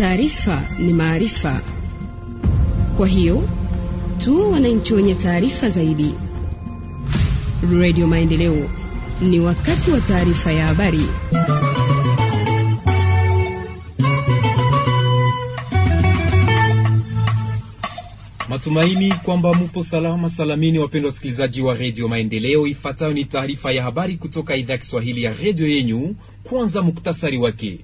Taarifa ni maarifa, kwa hiyo tu wananchi wenye taarifa zaidi. Radio Maendeleo, ni wakati wa taarifa ya habari. Matumaini kwamba mupo salama salamini, wapendwa wasikilizaji wa redio Maendeleo. Ifuatayo ni taarifa ya habari kutoka idhaa ya Kiswahili ya redio yenyu. Kwanza muktasari wake.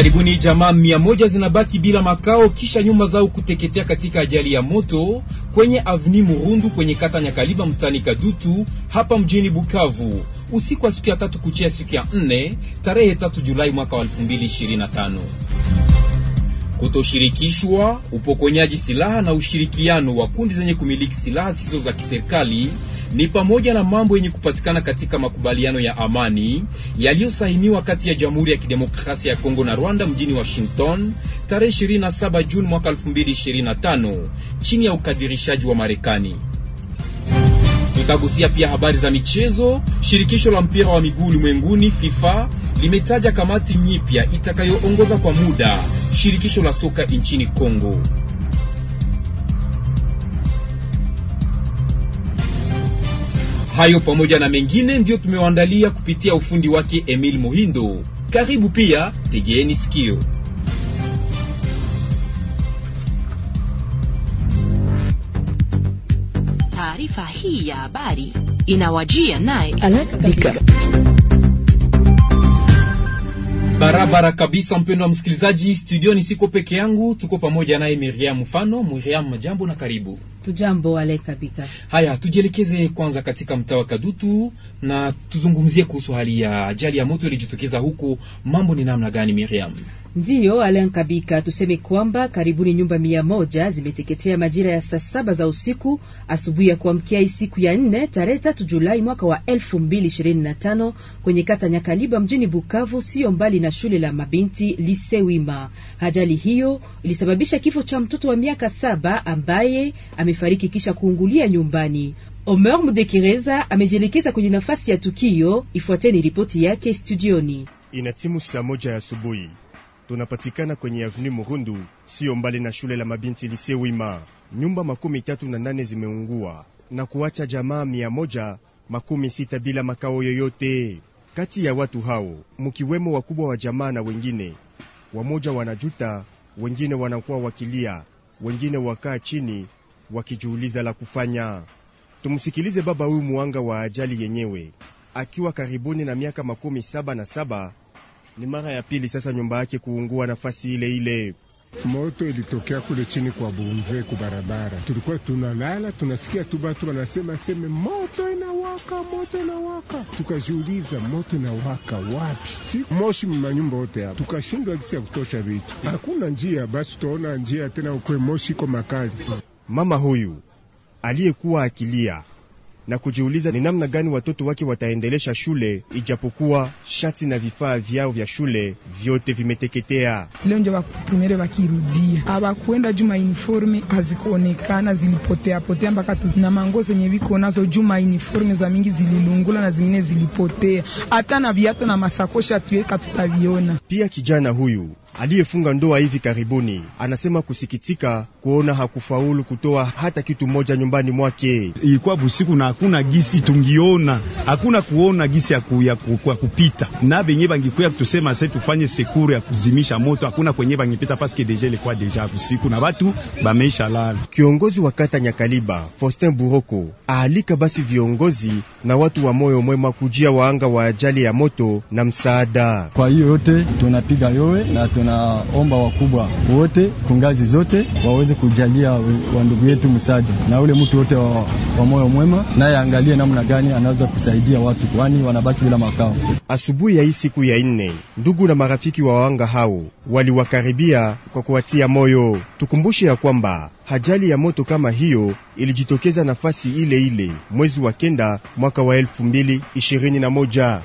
Karibuni jamaa mia moja zinabaki bila makao kisha nyumba zao kuteketea katika ajali ya moto kwenye avni Murundu kwenye kata Nyakaliba mtani Kadutu hapa mjini Bukavu usiku wa siku ya tatu kuchia siku ya nne tarehe tatu Julai mwaka wa 2025. Kutoshirikishwa, upokonyaji silaha na ushirikiano wa kundi zenye kumiliki silaha zisizo za kiserikali ni pamoja na mambo yenye kupatikana katika makubaliano ya amani yaliyosainiwa kati ya Jamhuri ya Kidemokrasia ya Kongo na Rwanda mjini Washington tarehe 27 Juni mwaka 2025 chini ya ukadirishaji wa Marekani. Tutagusia pia habari za michezo. Shirikisho la mpira wa miguu ulimwenguni FIFA limetaja kamati nyipya itakayoongoza kwa muda shirikisho la soka nchini Kongo. Hayo pamoja na mengine ndiyo tumewaandalia kupitia ufundi wake Emil Muhindo. Karibu pia, tegeeni sikio. Taarifa hii ya habari inawajia naye barabara kabisa. Mpendo wa msikilizaji, studioni siko peke yangu, tuko pamoja naye Miriam Mfano. Miriam, jambo na karibu. Tujambo Aleka Bika. Haya, tujielekeze kwanza katika mtaa wa Kadutu na tuzungumzie kuhusu hali ya ajali ya moto ilijitokeza huku. Mambo ni namna gani, Miriam? Ndiyo Alen Kabika, tuseme kwamba karibuni nyumba mia moja zimeteketea majira ya saa saba za usiku asubuhi ya kuamkia siku ya nne tarehe tatu Julai mwaka wa elfu mbili ishirini na tano kwenye kata Nyakaliba mjini Bukavu, sio mbali na shule la mabinti Lisewima. Ajali hiyo ilisababisha kifo cha mtoto wa miaka saba ambaye ame amefariki kisha kuungulia nyumbani. Omer Mudekereza amejielekeza kwenye nafasi ya tukio. Ifuateni ripoti yake studioni. Ina timu saa moja ya asubuhi, tunapatikana kwenye Avenue Murundu, siyo mbali na shule la mabinti Lise Wima. Nyumba makumi tatu na nane zimeungua na kuacha jamaa mia moja makumi sita bila makao yoyote. Kati ya watu hao mkiwemo wakubwa wa jamaa na wengine wamoja wanajuta, wengine wanakuwa wakilia, wengine wakaa chini wakijiuliza la kufanya. Tumsikilize baba huyu mwanga wa ajali yenyewe, akiwa karibuni na miaka makumi saba na saba. Ni mara ya pili sasa nyumba yake kuungua nafasi ile ile. Moto ilitokea kule chini kwa Bumve ku barabara, tulikuwa tunalala tunasikia tu batu wanasema seme moto inawaka, moto inawaka. Tukajiuliza moto inawaka wapi? si moshi manyumba yote hapa, tukashindwa gisi ya kutosha vitu, hakuna njia. Basi tutaona njia tena ukwe moshi iko makali Mama huyu aliyekuwa akilia na kujiuliza ni namna gani watoto wake wataendelesha shule, ijapokuwa shati na vifaa vyao vya shule vyote vimeteketea. Leo ndio waprimere wakirudia, hawakwenda juma, uniforme hazikuonekana, zilipotea potea mpaka na mango zenye viko nazo juma, uniforme za mingi zililungula na zingine zilipotea, hata na viatu na masakosha tuweka tutaviona. Pia kijana huyu aliyefunga ndoa hivi karibuni anasema kusikitika kuona hakufaulu kutoa hata kitu moja nyumbani mwake. Ilikuwa busiku na hakuna gisi tungiona, hakuna kuona gisi ya, ku, ya, ku, ya kupita na benye bangikuya kutusema se tufanye sekuru ya kuzimisha moto, hakuna kwenye bangipita paske deja ilikuwa deja busiku na batu bameisha lala. Kiongozi wa kata Nyakaliba Faustin Buroko aalika basi viongozi na watu wa moyo mwema kujia waanga wa ajali ya moto na msaada. Kwa hiyo yote tunapiga yowe na tunaomba wakubwa wote kungazi ngazi zote waweze kujalia wandugu yetu msaada, na ule mtu wote wa, wa moyo mwema naye angalie namna gani anaweza kusaidia watu, kwani wanabaki bila makao. Asubuhi ya hii siku ya nne, ndugu na marafiki wa wanga hao waliwakaribia kwa kuwatia moyo. Tukumbushe ya kwamba hajali ya moto kama hiyo ilijitokeza nafasi ile ile mwezi wa kenda mwaka wa elfu mbili ishirini na moja.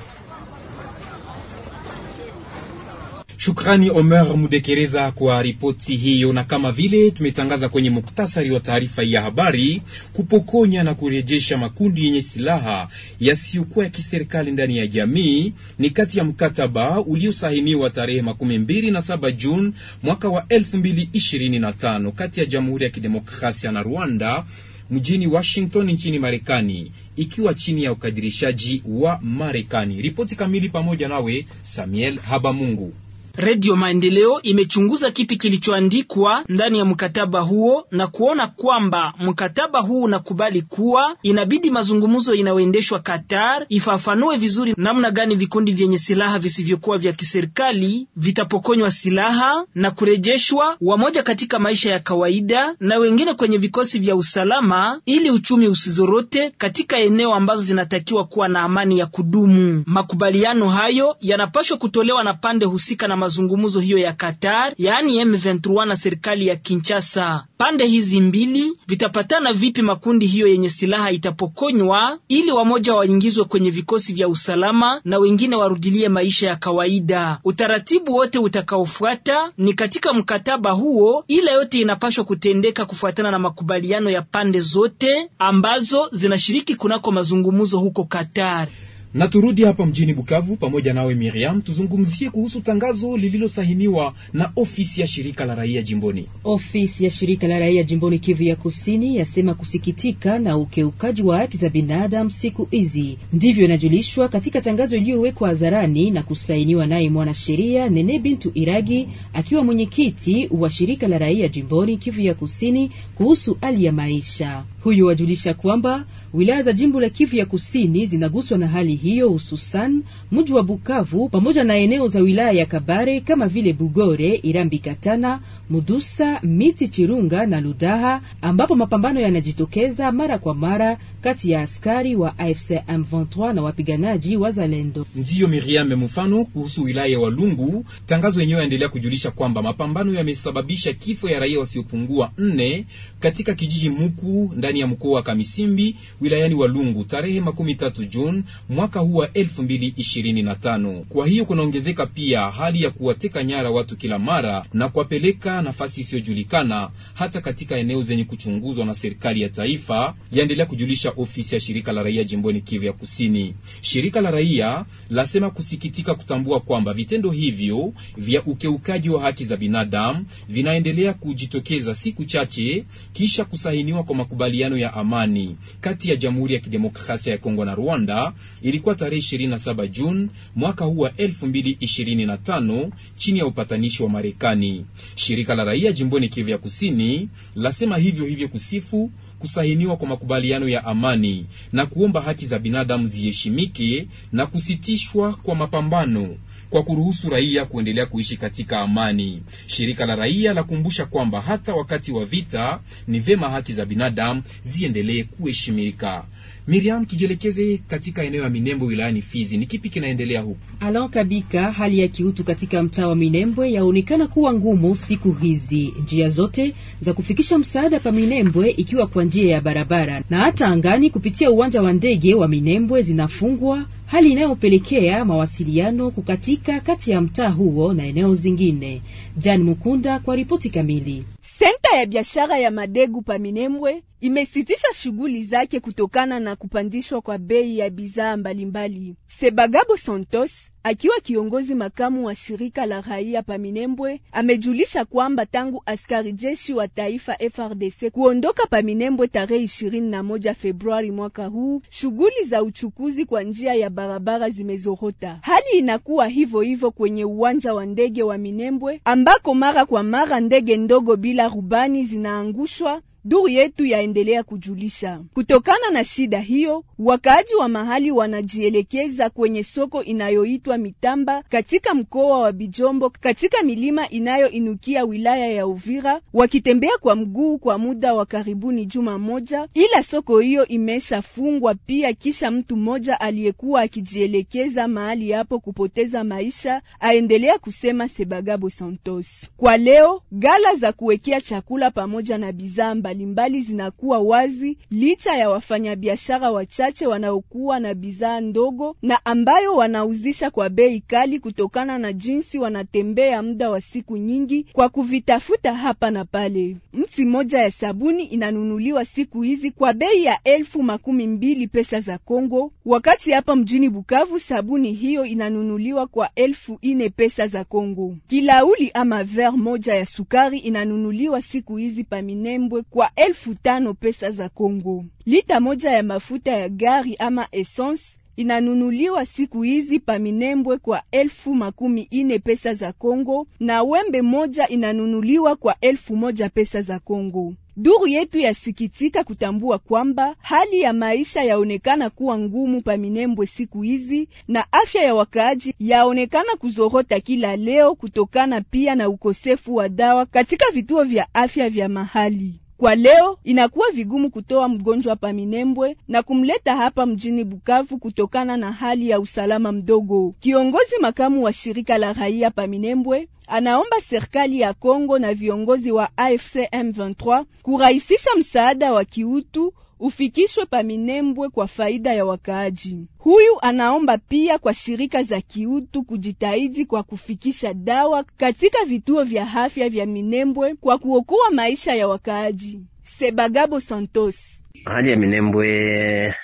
Shukrani Omer Mudekereza kwa ripoti hiyo, na kama vile tumetangaza kwenye muktasari wa taarifa ya habari, kupokonya na kurejesha makundi yenye silaha yasiyokuwa ya kiserikali ndani ya jamii ni kati ya mkataba uliosahiniwa tarehe makumi mbili na saba Juni mwaka wa 2025 kati ya Jamhuri ya Kidemokrasia na Rwanda mjini Washington nchini Marekani, ikiwa chini ya ukadirishaji wa Marekani. Ripoti kamili pamoja nawe Samuel Habamungu. Redio Maendeleo imechunguza kipi kilichoandikwa ndani ya mkataba huo na kuona kwamba mkataba huu unakubali kuwa inabidi mazungumzo inayoendeshwa Qatar ifafanue vizuri namna gani vikundi vyenye silaha visivyokuwa vya kiserikali vitapokonywa silaha na kurejeshwa wamoja katika maisha ya kawaida na wengine kwenye vikosi vya usalama ili uchumi usizorote katika eneo ambazo zinatakiwa kuwa na amani ya kudumu. Makubaliano hayo yanapaswa kutolewa na pande husika na mazungumzo hiyo ya Qatar, yaani M23 na serikali ya Kinshasa. Pande hizi mbili vitapatana vipi makundi hiyo yenye silaha itapokonywa, ili wamoja waingizwe kwenye vikosi vya usalama na wengine warudilie maisha ya kawaida? Utaratibu wote utakaofuata ni katika mkataba huo, ila yote inapashwa kutendeka kufuatana na makubaliano ya pande zote ambazo zinashiriki kunako mazungumzo huko Qatar. Na turudi hapa mjini Bukavu pamoja nawe Miriam, tuzungumzie kuhusu tangazo lililosahiniwa na ofisi ya shirika la raia jimboni. Ofisi ya shirika la raia jimboni Kivu ya Kusini yasema kusikitika na ukiukaji wa haki za binadamu siku hizi, ndivyo inajulishwa katika tangazo iliyowekwa hadharani na kusainiwa naye mwanasheria Nene Bintu Iragi akiwa mwenyekiti wa shirika la raia jimboni Kivu ya Kusini kuhusu hali ya maisha. Huyu wajulisha kwamba wilaya za jimbo la Kivu ya Kusini zinaguswa na hali hii hiyo hususan mji wa Bukavu pamoja na eneo za wilaya ya Kabare kama vile Bugore, Irambi, Katana, Mudusa, Miti, Chirunga na Ludaha, ambapo mapambano yanajitokeza mara kwa mara kati ya askari wa AFC M23 na wapiganaji wa Zalendo. Ndiyo Miriam, mfano kuhusu wilaya ya Walungu, tangazo yenyewe yaendelea kujulisha kwamba mapambano yamesababisha kifo ya raia wasiopungua nne katika kijiji Muku ndani ya mkoa wa Kamisimbi wilayani Walungu tarehe makumi tatu Juni mwaka mwaka huu wa 2025. Kwa hiyo kunaongezeka pia hali ya kuwateka nyara watu kila mara na kuwapeleka nafasi isiyojulikana, hata katika eneo zenye kuchunguzwa na serikali ya taifa, yaendelea kujulisha ofisi ya shirika la raia jimboni Kivu ya Kusini. Shirika la raia lasema kusikitika kutambua kwamba vitendo hivyo vya ukeukaji wa haki za binadamu vinaendelea kujitokeza siku chache kisha kusahiniwa kwa makubaliano ya amani kati ya Jamhuri ya Kidemokrasia ya Kongo na Rwanda ili ilikuwa tarehe 27 Juni mwaka huu wa 2025 chini ya upatanishi wa Marekani. Shirika la raia jimboni Kivu ya Kusini lasema hivyo hivyo kusifu kusahiniwa kwa makubaliano ya amani na kuomba haki za binadamu ziheshimike na kusitishwa kwa mapambano kwa kuruhusu raia kuendelea kuishi katika amani. Shirika la raia lakumbusha kwamba hata wakati wa vita ni vema haki za binadamu ziendelee kuheshimika. Miriam Kijelekeze, katika eneo ya Minembwe wilayani Fizi, ni kipi kinaendelea huku? alan Kabika, hali ya kiutu katika mtaa wa Minembwe yaonekana kuwa ngumu siku hizi. Njia zote za kufikisha msaada pa Minembwe, ikiwa kwa njia ya barabara na hata angani kupitia uwanja wa ndege wa Minembwe, zinafungwa hali inayopelekea mawasiliano kukatika kati ya mtaa huo na eneo zingine. Jan Mukunda kwa ripoti kamili. Senta ya biashara ya Madegu Paminembwe imesitisha shughuli zake kutokana na kupandishwa kwa bei ya bidhaa mbalimbali. Sebagabo Santos Akiwa kiongozi makamu wa shirika la raia Paminembwe, amejulisha kwamba tangu askari jeshi wa taifa FRDC kuondoka Paminembwe tarehe 21 Februari mwaka huu, shughuli za uchukuzi kwa njia ya barabara zimezorota. Hali inakuwa hivyo hivyo kwenye uwanja wa ndege wa Minembwe ambako mara kwa mara ndege ndogo bila rubani zinaangushwa duru yetu yaendelea kujulisha. Kutokana na shida hiyo, wakaaji wa mahali wanajielekeza kwenye soko inayoitwa Mitamba katika mkoa wa Bijombo katika milima inayoinukia wilaya ya Uvira, wakitembea kwa mguu kwa muda wa karibuni juma moja, ila soko hiyo imeshafungwa pia kisha mtu mmoja aliyekuwa akijielekeza mahali hapo kupoteza maisha, aendelea kusema Sebagabo Santos. Kwa leo gala za kuwekea chakula pamoja na bidhaa mbalimbali zinakuwa wazi licha ya wafanyabiashara wachache wanaokuwa na bidhaa ndogo na ambayo wanauzisha kwa bei kali kutokana na jinsi wanatembea muda wa siku nyingi kwa kuvitafuta hapa na pale. Mti moja ya sabuni inanunuliwa siku hizi kwa bei ya elfu makumi mbili pesa za Kongo, wakati hapa mjini Bukavu sabuni hiyo inanunuliwa kwa elfu ine pesa za Kongo. Kilauli ama ver moja ya sukari inanunuliwa siku hizi pa Minembwe kwa elfu tano pesa za Kongo. Lita moja ya mafuta ya gari ama essence inanunuliwa siku hizi paminembwe kwa elfu makumi ine pesa za Kongo na wembe moja inanunuliwa kwa elfu moja pesa za Kongo. Duru yetu yasikitika kutambua kwamba hali ya maisha yaonekana kuwa ngumu pa Minembwe siku hizi, na afya ya wakaaji yaonekana kuzorota kila leo, kutokana pia na ukosefu wa dawa katika vituo vya afya vya mahali. Kwa leo inakuwa vigumu kutoa mgonjwa pa Minembwe na kumleta hapa mjini Bukavu kutokana na hali ya usalama mdogo. Kiongozi makamu wa shirika la raia pa Minembwe anaomba serikali ya Kongo na viongozi wa AFC M23 kurahisisha msaada wa kiutu ufikishwe paminembwe kwa faida ya wakaaji. Huyu anaomba pia kwa shirika za kiutu kujitahidi kwa kufikisha dawa katika vituo vya afya vya Minembwe kwa kuokoa maisha ya wakaaji. Sebagabo Santos: hali ya Minembwe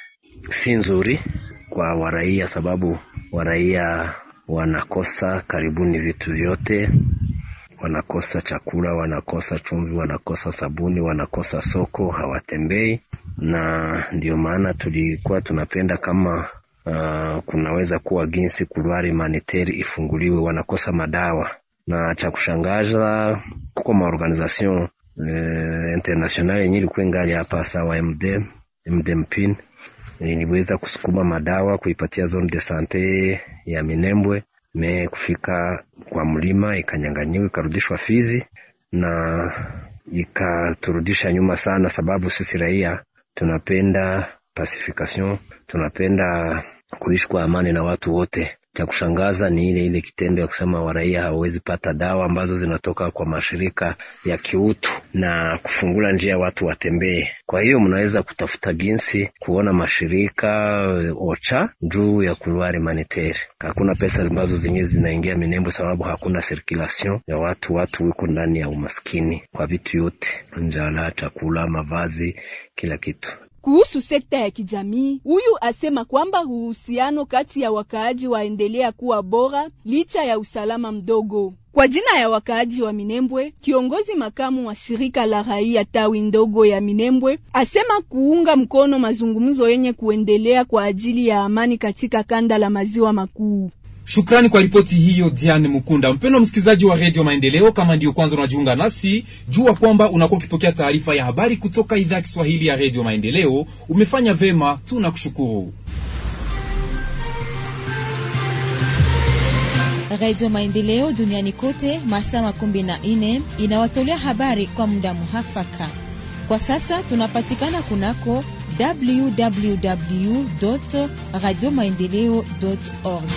si nzuri kwa waraia, sababu waraia wanakosa karibuni vitu vyote wanakosa chakula, wanakosa chumvi, wanakosa sabuni, wanakosa soko, hawatembei. Na ndio maana tulikuwa tunapenda kama uh, kunaweza kuwa ginsi kulwari maniteri ifunguliwe, wanakosa madawa na cha kushangaza kuko maorganization eh, internationale yenye ilikuwa ngali hapa sawa MD MDMPIN eh, iliweza kusukuma madawa kuipatia zone de sante ya Minembwe me kufika kwa mlima ikanyang'anyiwa, ikarudishwa Fizi na ikaturudisha nyuma sana, sababu sisi raia tunapenda pacification, tunapenda kuishi kwa amani na watu wote. Cha kushangaza ni ile ile kitendo ya kusema waraia hawawezi pata dawa ambazo zinatoka kwa mashirika ya kiutu na kufungula njia watu watembee. Kwa hiyo mnaweza kutafuta jinsi kuona mashirika eh, OCHA juu ya kuluari maniteri. Hakuna pesa ambazo zingine zinaingia Minembwe sababu hakuna sirkulation ya watu, watu wiko ndani ya umaskini kwa vitu yote, njala, chakula, mavazi, kila kitu. Kuhusu sekta ya kijamii, huyu asema kwamba uhusiano kati ya wakaaji waendelea kuwa bora licha ya usalama mdogo. Kwa jina ya wakaaji wa Minembwe, kiongozi makamu wa shirika la raia tawi ndogo ya Minembwe asema kuunga mkono mazungumzo yenye kuendelea kwa ajili ya amani katika kanda la maziwa makuu. Shukrani kwa ripoti hiyo Diane Mukunda. Mpendwa msikilizaji wa redio Maendeleo, kama ndiyo kwanza unajiunga nasi, jua kwamba unakuwa ukipokea taarifa ya habari kutoka idhaa ya Kiswahili ya redio Maendeleo. Umefanya vema, tunakushukuru. Redio Maendeleo duniani kote, masaa makumi na nne inawatolea habari kwa muda muhafaka. Kwa sasa tunapatikana kunako www radio maendeleo org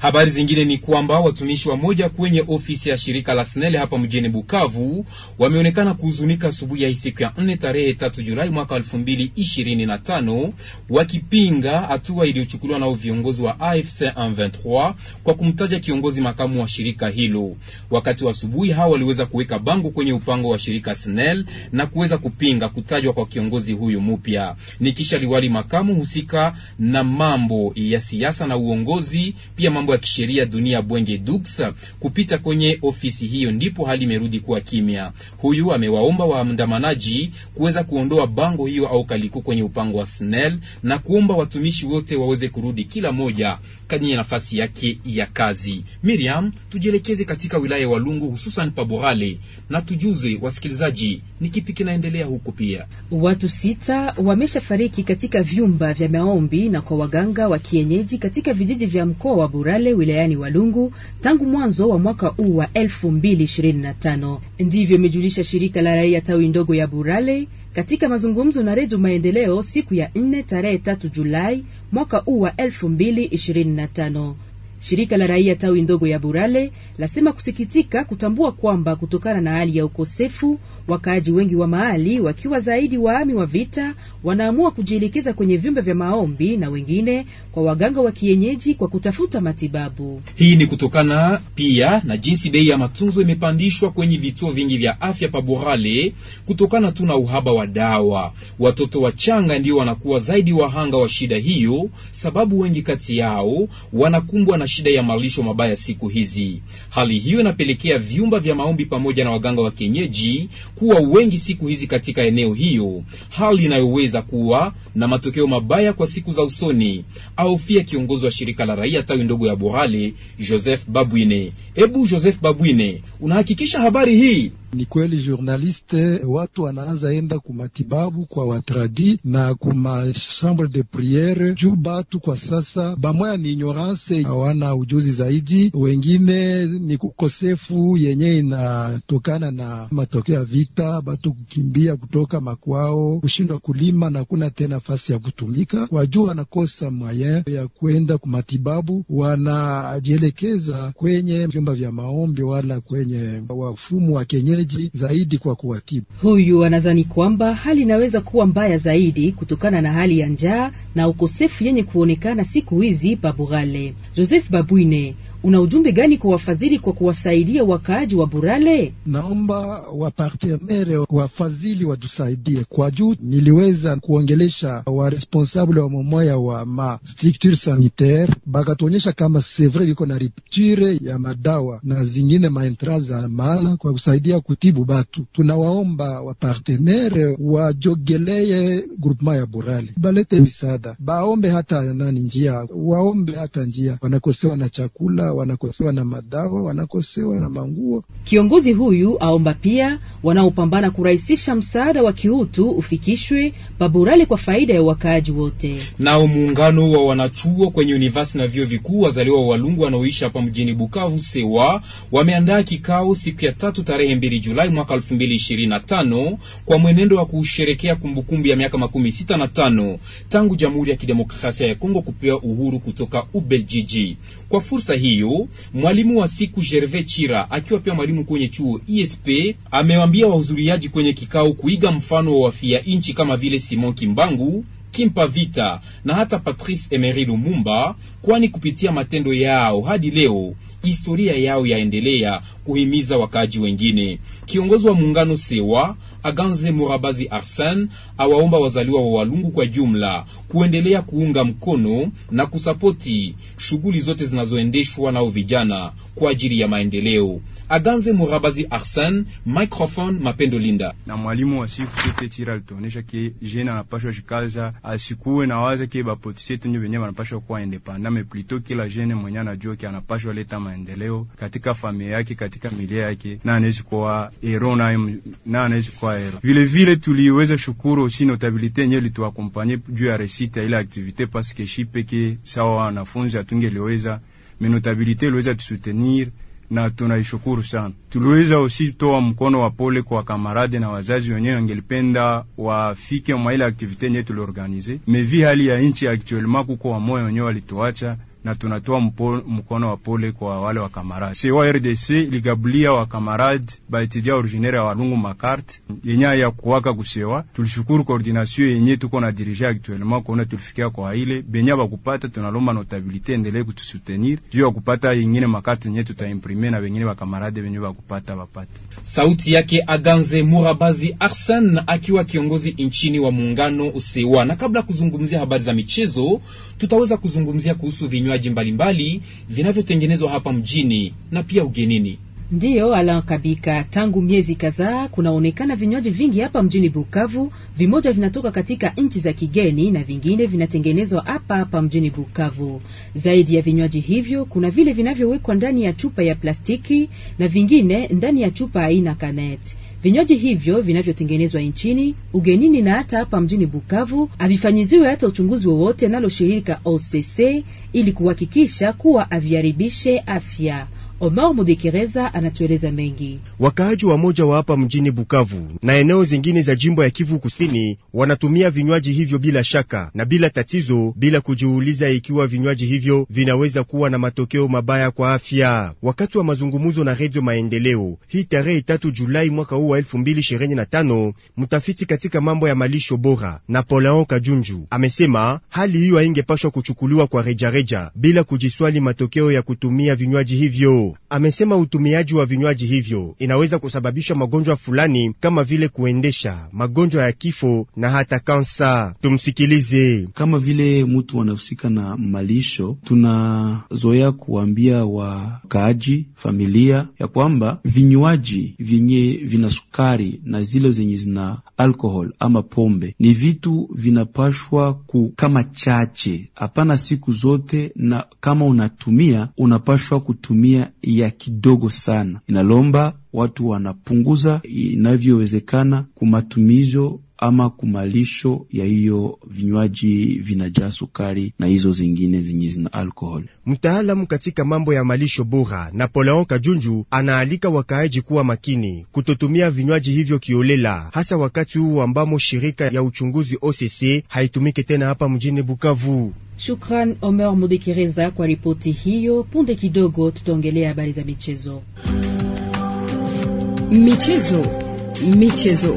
Habari zingine ni kwamba watumishi wa moja kwenye ofisi ya shirika la SNEL hapa mjini Bukavu wameonekana kuhuzunika asubuhi ya siku ya nne tarehe tatu Julai mwaka elfu mbili ishirini na tano wakipinga hatua iliyochukuliwa nao viongozi wa AFC M23 kwa kumtaja kiongozi makamu wa shirika hilo. Wakati wa asubuhi, hawa waliweza kuweka bango kwenye upango wa shirika SNEL na kuweza kupinga kutajwa kwa kiongozi huyu mpya. kisha liwali makamu husika na mambo ya siasa na uongozi pia mambo mambo ya kisheria Dunia Bwenge Dux kupita kwenye ofisi hiyo, ndipo hali imerudi kuwa kimya. Huyu amewaomba waandamanaji kuweza kuondoa bango hiyo au kaliku kwenye upango wa SNEL na kuomba watumishi wote waweze kurudi kila moja kwenye nafasi yake ya kazi. Miriam, tujielekeze katika wilaya ya Walungu hususan Paborale na tujuze wasikilizaji ni kipi kinaendelea huko. Pia watu sita wameshafariki katika vyumba vya maombi na kwa waganga wa kienyeji katika vijiji vya mkoa wa Burale Mbale wilayani Walungu tangu mwanzo wa mwaka huu wa 2025. Ndivyo imejulisha shirika la raia tawi ndogo ya Burale katika mazungumzo na Redio Maendeleo siku ya 4 tarehe 3 Julai mwaka huu wa 2025. Shirika la raia tawi ndogo ya Burale lasema kusikitika kutambua kwamba kutokana na hali ya ukosefu, wakaaji wengi wa mahali wakiwa zaidi waami wa vita wanaamua kujielekeza kwenye vyumba vya maombi na wengine kwa waganga wa kienyeji kwa kutafuta matibabu. Hii ni kutokana pia na jinsi bei ya matunzo imepandishwa kwenye vituo vingi vya afya pa Burale, kutokana tu na uhaba wa dawa. Watoto wachanga ndio wanakuwa zaidi wahanga wa shida hiyo, sababu wengi kati yao wanakumbwa na shida ya malisho mabaya siku hizi. Hali hiyo inapelekea vyumba vya maombi pamoja na waganga wa kienyeji kuwa wengi siku hizi katika eneo hiyo, hali inayoweza kuwa na matokeo mabaya kwa siku za usoni, au pia kiongozi wa shirika la raia tawi ndogo ya Borale Joseph Babwine. Ebu Joseph Babwine, unahakikisha habari hii? Ni kweli journaliste, watu wanaanza enda kumatibabu kwa watradi na kuma chambre de priere juu batu kwa sasa bamoya ni ignorance, hawana ujuzi zaidi, wengine ni kukosefu yenye inatokana na matokeo ya vita, batu kukimbia kutoka makwao, kushindwa kulima na kuna tena nafasi ya kutumika, wajua wanakosa mwayen ya kwenda kumatibabu, wanajielekeza kwenye vyumba vya maombi wala kwenye wafumu wa kenya wanahitaji zaidi kwa kuwatibu. Huyu anadhani kwamba hali inaweza kuwa mbaya zaidi kutokana na hali ya njaa na ukosefu yenye kuonekana siku hizi pa Bugale. Joseph Babwine una ujumbe gani kwa wafadhili kwa kuwasaidia wakaaji wa Burale? Naomba wapartenere wafadhili watusaidie, kwa juu niliweza kuongelesha waresponsable wa momoya wa mastructure sanitaire, bakatuonyesha kama sevre iko na rupture ya madawa na zingine maentra za maana kwa kusaidia kutibu batu. Tunawaomba wapartenere wajogeleye groupement ya Burale, balete misaada, baombe hata nani njia, waombe hata njia, wanakosewa na chakula wanakosewa na madawa, wanakosewa na manguo. Kiongozi huyu aomba pia wanaopambana kurahisisha msaada wa kiutu ufikishwe paburale kwa faida ya wakaaji wote. Nao muungano wa wanachuo kwenye univasi na vyuo vikuu wazaliwa wa Walungu wanaoishi hapa mjini Bukavu sewa wameandaa kikao siku ya tatu tarehe mbili Julai mwaka elfu mbili ishirini na tano kwa mwenendo wa kusherekea kumbukumbu ya miaka makumi sita na tano tangu Jamhuri ya Kidemokrasia ya Kongo kupewa uhuru kutoka Ubeljiji. Kwa fursa hii Moyo, mwalimu wa siku Gervais Chira, akiwa pia mwalimu kwenye chuo ISP, amewambia wahudhuriaji kwenye kikao kuiga mfano wa wafia inchi kama vile Simon Kimbangu Kimpa Vita na hata Patrice Emery Lumumba, kwani kupitia matendo yao hadi leo historia yao yaendelea kuhimiza wakaaji wengine. Kiongozi wa muungano Sewa Aganze Murabazi Arsen awaomba wazaliwa wa Walungu kwa jumla kuendelea kuunga mkono na kusapoti shughuli zote zinazoendeshwa nao vijana kwa ajili ya maendeleo. Aganze Murabazi Arsen, microphone Mapendo Linda. Na mwalimu wa siku sote tira alituonesha ke jena anapashwa shikaza asikuwe na waza ke bapotisetu nyo venye anapashwa kuwa independant mais plutôt kila jene mwenye anajua ke anapashwa leta maendeleo katika familia yake, katika milia yake, na anaishi kwa hero na anaishi kwa hero vile vile. Tuliweza shukuru aussi notabilite yenyewe lituakompanye juu ya resite ya ile activite paske shi peke sawa wanafunzi liweza hatungeliweza menotabilite iliweza tusutenir na tunaishukuru sana. Tuliweza osi toa mkono wa pole kwa kamarade na wazazi wenyewe wangelipenda wafike mwa ile aktivite yenyewe tuliorganize mevi hali ya nchi actuellement, kuko wamoya wenyewe walituacha na tunatoa mkono wa pole kwa wale wa wakamaradi sewa RDC ligabulia wa kamarad baetudia originaire ya walungu Makart yenye ya kuwaka kusewa. Tulishukuru koordinasio yenye tuko na dirige actuellement kuona tulifikia kwa ile benya bakupata. Tunalomba notabilite endelee kutusutenir juu ya kupata yengine makarte yenye tutaimprime na wengine kamarad wenye bakupata bapate. Sauti yake Aganze Murabazi Arsan akiwa kiongozi nchini wa muungano usewa. Na kabla kuzungumzia habari za michezo, tutaweza kuzungumzia kuhusu vinyo vinywaji mbalimbali vinavyotengenezwa hapa mjini na pia ugenini. Ndiyo, Alan Kabika, tangu miezi kadhaa kunaonekana vinywaji vingi hapa mjini Bukavu. Vimoja vinatoka katika nchi za kigeni na vingine vinatengenezwa hapa hapa mjini Bukavu. Zaidi ya vinywaji hivyo, kuna vile vinavyowekwa ndani ya chupa ya plastiki na vingine ndani ya chupa aina kanet. Vinywaji hivyo vinavyotengenezwa nchini ugenini na hata hapa mjini Bukavu havifanyiziwe hata uchunguzi wowote nalo shirika OCC ili kuhakikisha kuwa haviharibishe afya. Omar Mudekereza anatueleza mengi. Wakaaji wa moja wa hapa mjini Bukavu na eneo zingine za jimbo ya Kivu Kusini wanatumia vinywaji hivyo bila shaka na bila tatizo, bila kujiuliza ikiwa vinywaji hivyo vinaweza kuwa na matokeo mabaya kwa afya. Wakati wa mazungumzo na Redio Maendeleo hii tarehe tatu Julai mwaka huu wa elfu mbili ishirini na tano, mtafiti katika mambo ya malisho bora Napoleon Kajunju amesema hali hiyo haingepashwa kuchukuliwa kwa rejareja bila kujiswali matokeo ya kutumia vinywaji hivyo. Amesema utumiaji wa vinywaji hivyo inaweza kusababisha magonjwa fulani kama vile kuendesha, magonjwa ya kifo na hata kansa. Tumsikilize. Kama vile mtu anahusika na malisho, tunazoea kuambia wakaaji, familia ya kwamba vinywaji vyenye vina sukari na zile zenye zina alkohol ama pombe ni vitu vinapashwa ku kama chache, hapana siku zote, na kama unatumia unapashwa kutumia ya kidogo sana, inalomba watu wanapunguza inavyowezekana kumatumizo ama kumalisho ya hiyo vinywaji vinajaa sukari na hizo zingine zenye zina alkohol. Mtaalamu katika mambo ya malisho bora Napoleon Kajunju anaalika wakaaji kuwa makini kutotumia vinywaji hivyo kiolela, hasa wakati huu ambamo shirika ya uchunguzi OCC haitumiki tena hapa mjini Bukavu. Shukran Omer Mudekereza kwa ripoti hiyo. Punde kidogo tutaongelea habari za michezo. Michezo, michezo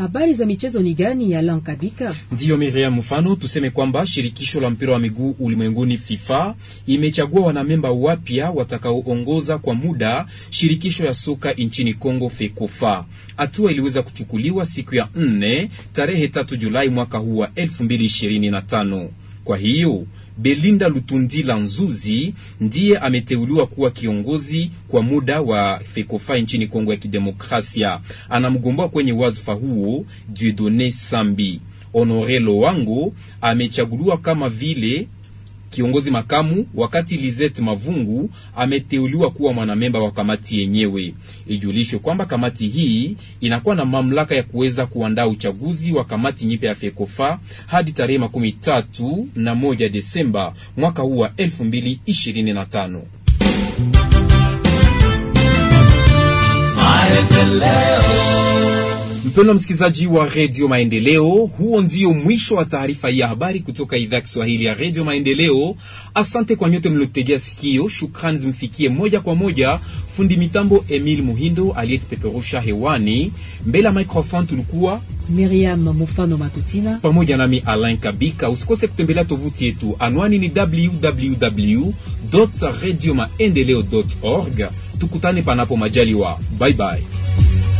Habari za michezo ni gani ya Lan Kabika? Ndiyo Miriam, mfano tuseme kwamba shirikisho la mpira wa miguu ulimwenguni FIFA imechagua wanamemba wapya watakaoongoza kwa muda shirikisho ya soka nchini Kongo fekofa Hatua iliweza kuchukuliwa siku ya nne tarehe tatu Julai mwaka huu wa 225 Kwa hiyo Belinda Lutundila Nzuzi ndiye ameteuliwa kuwa kiongozi kwa muda wa FEKOFA nchini Kongo ya Kidemokrasia. Anamgomboa kwenye wazifa huo Dieudonne Sambi. honore Lowango amechaguliwa kama vile kiongozi makamu, wakati Lizette Mavungu ameteuliwa kuwa mwanamemba wa kamati yenyewe. Ijulishwe kwamba kamati hii inakuwa na mamlaka ya kuweza kuandaa uchaguzi wa kamati nyipya ya fekofa hadi tarehe makumi tatu na moja Desemba mwaka huu wa elfu mbili ishirini na tano. Mpendwa msikilizaji wa redio Maendeleo, huo ndio mwisho wa taarifa ya habari kutoka idhaa ya Kiswahili ya redio Maendeleo. Asante kwa nyote mliotegea sikio. Shukrani zimfikie moja kwa moja fundi mitambo Emil Muhindo aliyetupeperusha hewani. Mbele ya microphone tulikuwa Miriam Mufano Matutina pamoja nami Alain Kabika. Usikose kutembelea tovuti yetu, anwani ni www radio maendeleo org. Tukutane panapo majaliwa, bye bye.